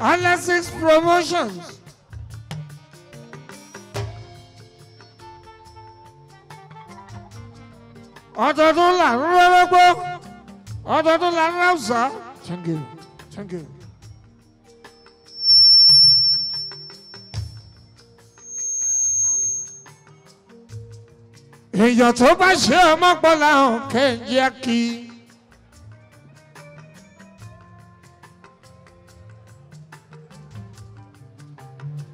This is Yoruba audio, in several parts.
Alexis Promotions. ọdọọdún là ń rẹ́rẹ́gbọ́ ọdọọdún là ń ráùsà. Thank you. Thank you. èèyàn tó bá ṣe ọmọ pọ̀ làwọn kẹ́ ń jẹ́ kí.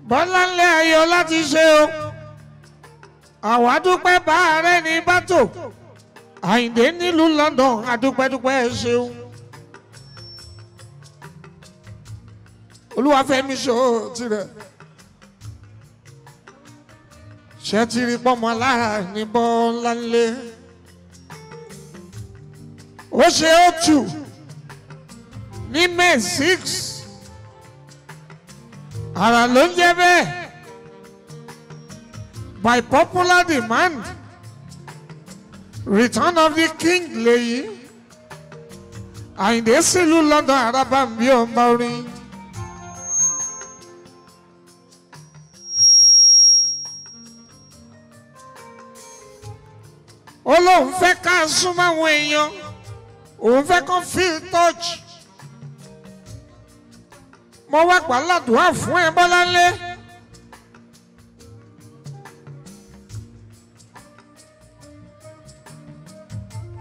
bọ́lá ńlẹ̀ ayọ̀ láti ṣe o àwa dúpẹ́ bá ààrẹ ní bátò àyìndé nílùú London adúpẹ́dúpẹ́ ṣeun olúwàfẹ́mi ṣó tirẹ̀ ṣe ti rí pọ́nmọ́ lára ní bọ́lá ńlẹ̀ ó ṣe ó tù ní May six àrà ló ń jẹ́ bẹ́ẹ̀ by popular demand return of the king lèyí àyìndé sílùú london àràbà ń bí ọmọ orin. ó lóun fẹ́ ká súnmọ́ àwọn èèyàn òun fẹ́ kó feel touch mo wá pàládùá fún ẹ bọ́láńlé.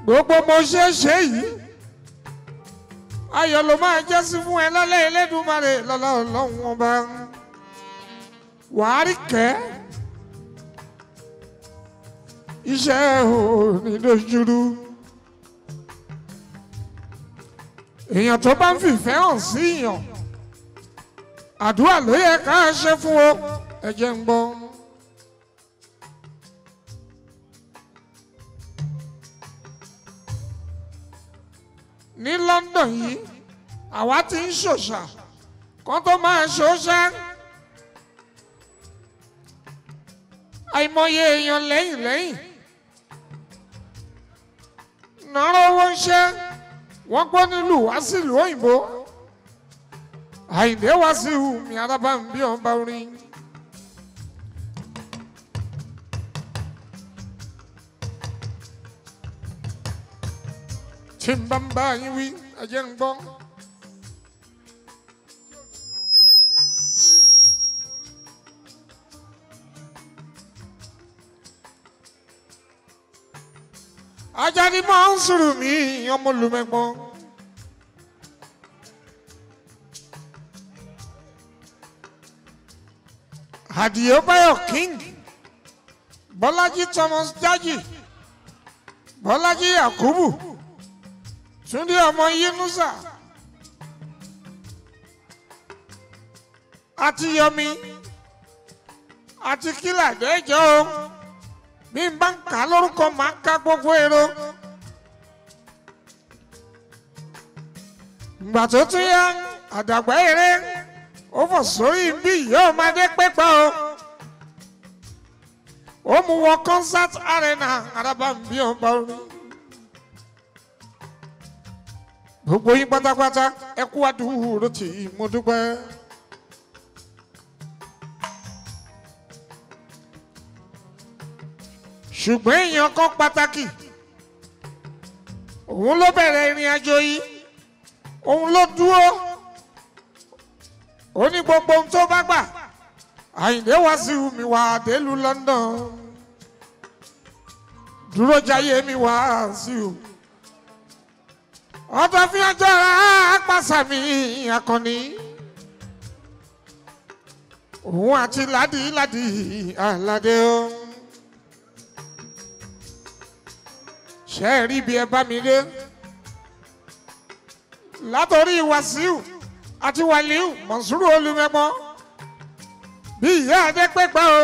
gbogbo mo ṣe é ṣe yìí ayọ̀ ló máa jẹ́ sí fún ẹ lálẹ́ Elédùmarè lọ́lá ọlọ́run ọba wàá rí kẹ́ iṣẹ́ òní lójúrú èèyàn tó bá ń fìfẹ́ hàn sí èèyàn àdúrà ló yẹ ká ṣe fún o ẹ jẹ́ ń gbọ́. ní London yìí àwa ti ń ṣòṣà kan tó máa ṣòṣà àìmọye èèyàn lẹ́yìn lẹ́yìn nàárọ̀ owó ń ṣe wọ́n gbọ́ nílùú wá sílùú òyìnbó àyìndé wá sí ìhùmí alábàmbí ọba orin. tí n bá ń bá yín wí ẹ̀jẹ̀ ń gbọ́. ajá ni àdìyóbáyọ̀ king bọ́lájí thomas jaji bọ́lájí yakubu túndé ọmọ yunusa àti yomi àti kílà dẹ́jọ́ o bí n bá ń kà á lórúkọ máa ń ka gbogbo èrò. ìgbà tó ó fò sórí bí ìyá ọmọdé pépà o ó mú wọ concert arena arábàmbí ọba orin gbogbo yín pátápátá ẹ kú àdúró tì í mo dúpẹ́. ṣùgbọ́n èèyàn kan pàtàkì òun ló bẹ̀rẹ̀ ìrìn àjò yìí òun ló dúró. Oni ní gbogbo ohun tó bá gbà Àyìndé Wasiu mi wà délù London dúró jayé mi Wasiu ọ̀dọ̀ fi ọjọ́ ra pàṣà mi akọni òun àti ládìládì aládé o ṣe rí bí ẹ bá mi dé látọ̀rí Wasiu àti wàlíù mọ̀nsúrù olùmẹ̀mọ́ bí ìyá adépẹ́pẹ́ o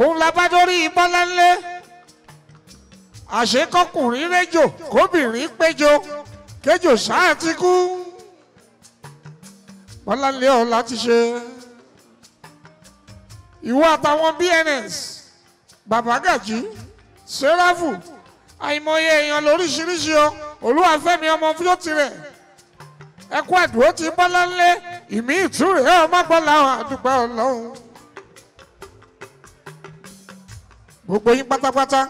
òun la bá dórí bọ́láńlé àṣekọkùnrin rẹjò kóbìnrin péjọ kéjò sáà ti kú bọ́láńlé ọ̀la ti ṣe ìwọ àtàwọn bns babagaji serafu àìmọye èèyàn lóríṣiríṣi o olúwàfẹ́mi ọmọ fúlọ́tì rẹ̀ ẹ kú àdúró ti bọ́lá ńlẹ̀ ìmí ìtúrò ẹ ọmọ gbọ́lá àdúgbò ọlọ́run. gbogbo yín pátápátá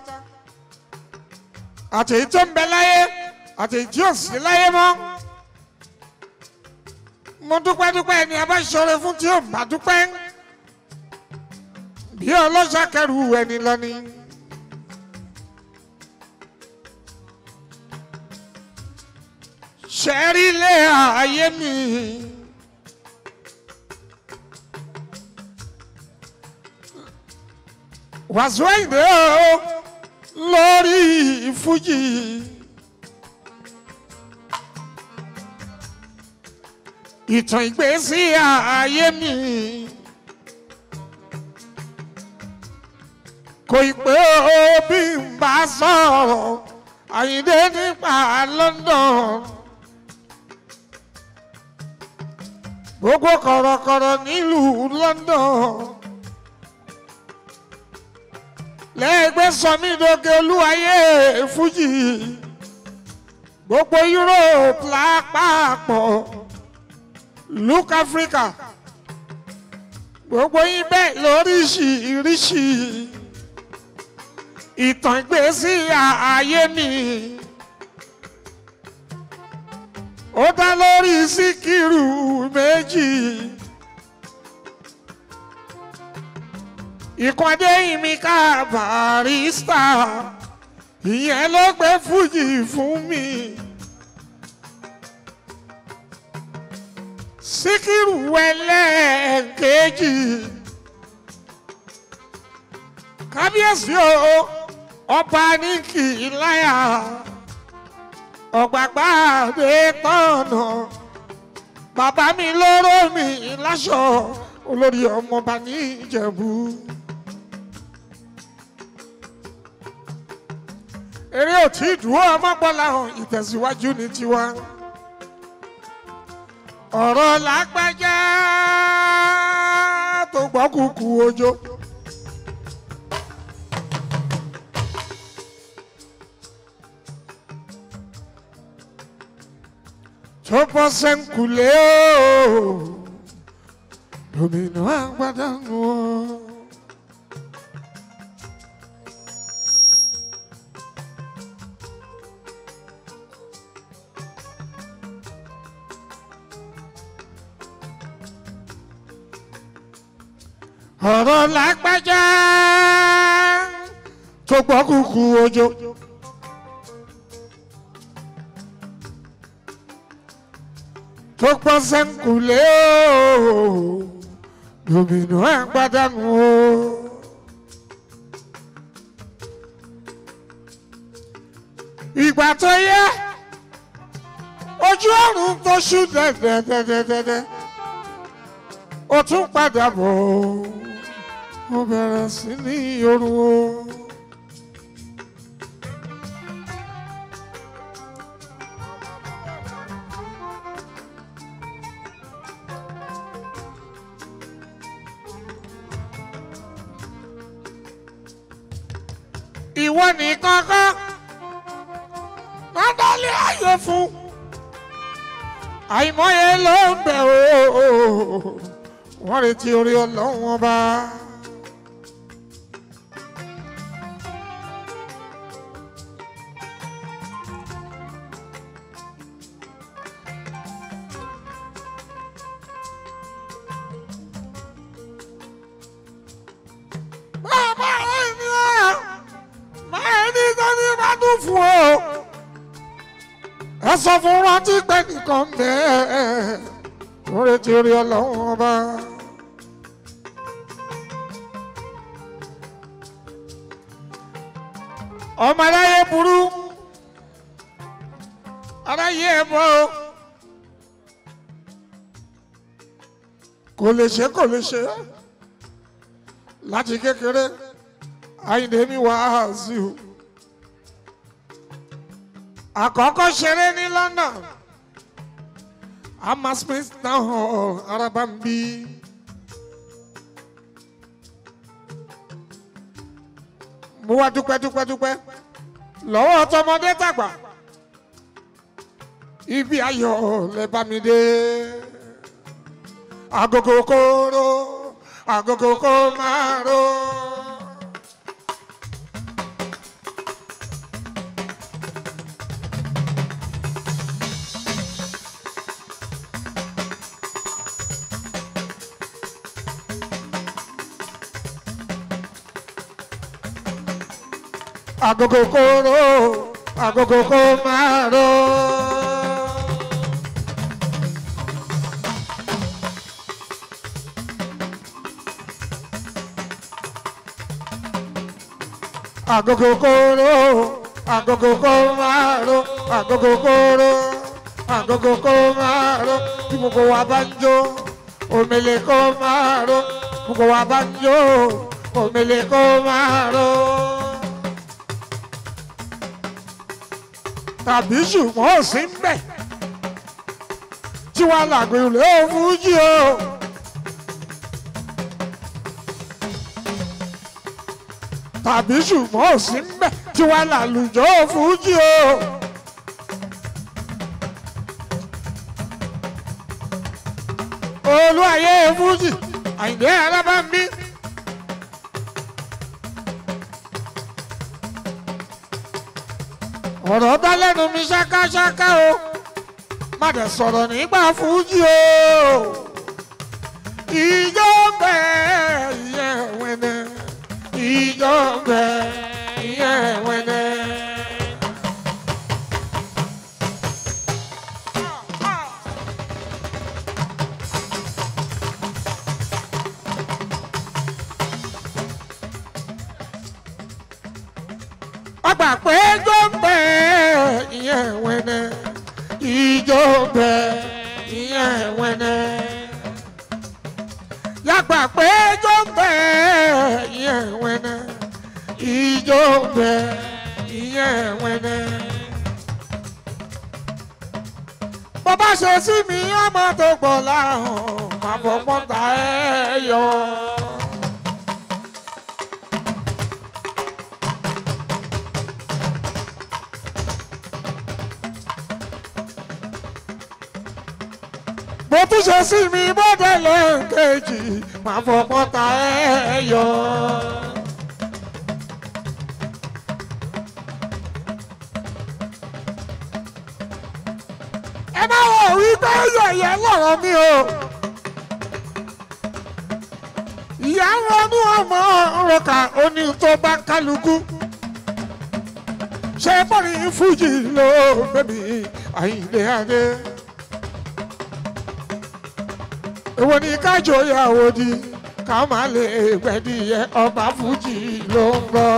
àtẹ̀yí tó ń bẹ láyé àtẹ̀yí tí ò sí láyé mọ́ mo dúpẹ́ dúpẹ́ ẹni abáṣọre fún tí ò bá dúpẹ́ bí ọlọ́ṣà kẹrù ẹni lọ ni. sẹ́rílẹ̀ ayé mi. wàásù Àyìndé o lórí fújì. ìtàn ìgbésí ayé mi. kò ì pé o bí bá sọ̀rọ̀ Àyìndé nípa London. gbogbo kọ̀rọ̀kọ̀rọ̀ nílùú London lẹ́ẹ̀gbẹ́ sọmídóge olúwayé fújì gbogbo Europe lápapọ̀ look Africa gbogbo yín bẹ́ẹ̀ lóríṣiríṣi ìtàn ìgbésí ayé mi ó dá lórí síkírù méjì. ìkọ́dé ìmíkà barista ìyẹn ló gbé fújì fún mi. síkírù ẹlẹ́ẹ̀kejì kábíyèsí o ọba ní kì láyà ọ̀pàpá àgbé tọ̀nà bàbá mi lóró mi láṣọ olórí ọmọọba ní ìjẹ̀bú. eré ò tí ì dúró ọmọgbọ́lá hàn ìtẹ̀síwájú ní tiwa ọ̀rọ̀ lágbájá tó gbọ́kùkù ojó. ó bọ́ sẹ́ńkulé o domino agbada nù o. ọ̀rọ̀ lágbájá tó gbọ́ kúkú ojó. tó gbọ́ sẹ́ńkùlé ooo dòmìnú ẹ̀ ń pàdánù ooo. ìgbà tó yẹ ojú ọ̀run tó ṣú dẹ̀dẹ̀dẹ̀dẹ̀dẹ̀ ó tún padà bọ̀ ó bẹ̀rẹ̀ sí ní yorùn ooo. ìwọ nìkan kọ́ mọ́tàlẹ́ ayọ̀ fún àìmọye ló ń bẹ̀ o wọ́n retí orí ọlọ́run ọba. sọ fún rántí pé nìkan bẹ́ẹ̀ tó retí rí ọlọ́run ọba. ọmọ aláyé burú aláyé ẹbọ kò lè ṣe kò lè ṣe láti kékeré Àyìndé mi wà á zìhù àkọ́kọ́ ṣeré ní London Hammersmith Town Hall Arabambi. mo wá dúpẹ́ dúpẹ́ dúpẹ́ lọ́wọ́ tọmọdé tàgbà ibi ayọ̀ lẹ bá mi dé agogo kóró agogo kó máa ró. agogo kóró agogo kó máa ró. agogo kóró agogo komaro. máa ró agogo kóró agogo kó máa ró tí wa bá ń jó òmìnira kó wa bá ń jó tàbí ṣùgbọ́n ò sí ń bẹ̀ tí wàá làgbèrè òun yí o. tàbí ṣùgbọ́n ò sí ń bẹ̀ tí wàá làlùjọ òun yí o. olú ayé fújì àyìnbẹ́ alábàámi. ọ̀rọ̀ bá lẹ́nu mi ṣákáṣáká o má dẹ̀ sọ̀rọ̀ nígbà fújì o ìjọ bẹ́ẹ̀ ìyẹn wẹ́nẹ́ ìjọ bẹ́ẹ̀ ìyẹn wẹ́nẹ́. gbà pé gómìnà ìyẹn wẹ́nẹ́ ìjọ bẹ ìyẹn wẹ́nẹ́. yàgbà pé ìjọ bẹ ìyẹn wẹ́nẹ́ ìjọ bẹ ìyẹn wẹ́nẹ́. bàbá ṣe sí mi ọmọ tó gbọ̀ láhùn màbọ̀ mọ́ta ẹ̀ yọ. sí mi bọ́dẹ̀ lẹ́ẹ̀kejì máa fọpọ́ ta ẹ yọ. ẹ má wọ wípé yẹ̀yẹ́ lọ̀rọ̀ mi o. ìyá ń ronú ọmọ òrùka oní tó bá kálukú ṣé bọ́ọ̀lì fújì ló bẹ̀mí àyìnlé adé èwo ni kájọ ìyàwó di ká má lè gbẹdìyẹ ọba fújì ló ń bọ̀.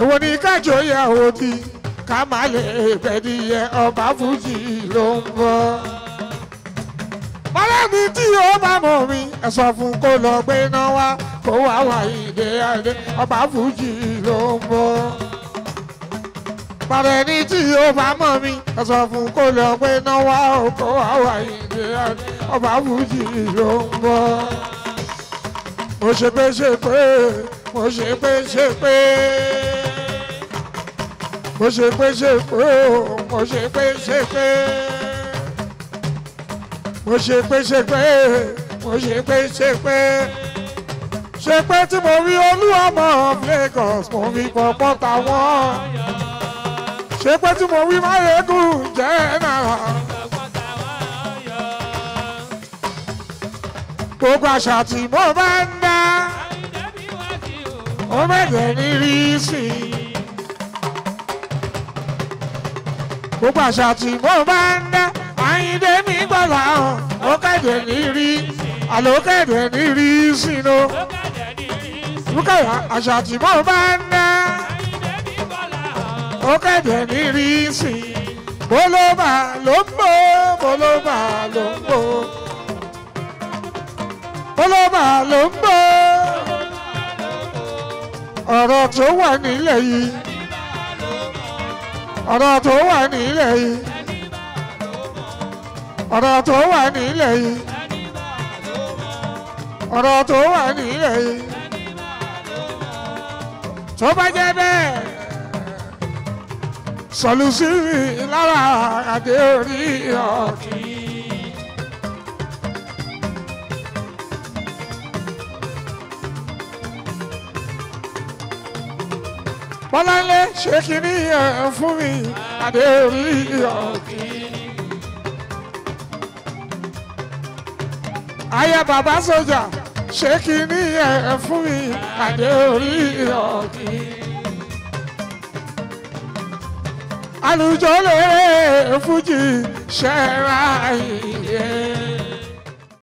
èwo ni kájọ ìyàwó di ká má lè gbẹdìyẹ ọba fújì ló ń bọ̀. mọ́lẹ́mi tí ó bá mọ̀ mi ẹ̀ sọ fún kó lọ gbé náà wá kó wá wà ìdè àdé ọba fújì ló ń bọ̀. Bàbá ẹni tí ó bá mọ̀ mi, ẹ sọ fún kó lọ pé náwó kó wá wà ìdè àdé ọba fújì ló ń bọ̀. Mo ṣe pé ṣe pé, mo ṣe pé ṣe pé. Mo ṣe pé ṣe pé, mo ṣe pé ṣe pé. Mo ṣe pé ṣe pé, mo ṣe pé ṣe pé ṣe pé tí mo rí olúwa mọ̀ of Lagos mo rí pọ̀pọ̀ tàwọn. ṣe pé tí mo rí Máyégún jẹ́ náà. gbogbo àṣà tí mo bá ń dá ó mẹ́jẹ̀ ní rí sí i. gbogbo àṣà tí mo bá ń dá Àyìndé mi gbọ́dọ̀ ó kẹ́jẹ̀ ní rí àlọ́ kẹ́jẹ̀ ní rí sí i. Rúkàyà àṣà tí mo bá ń dá. Ó kẹ̀dẹ̀ ní rí sí i. Mo ló mà ló ń bò, mo ló mà ló ń bò. Mo ló mà ló ń bò. Ọ̀rọ̀ tó wà nílẹ̀ yìí tó bá jẹ́ bẹ́ẹ̀ sọlùsí lára àdé orí ọ̀kì. bọ́láńlé ṣe kìíní ẹ̀ fún mi àdé orí ọ̀kì. ayé bàbá sójà ṣé kí ní ẹ fún ìpàdé orí ọ̀gì. àlùjọ lè fújì ṣẹ́ra ìyẹn.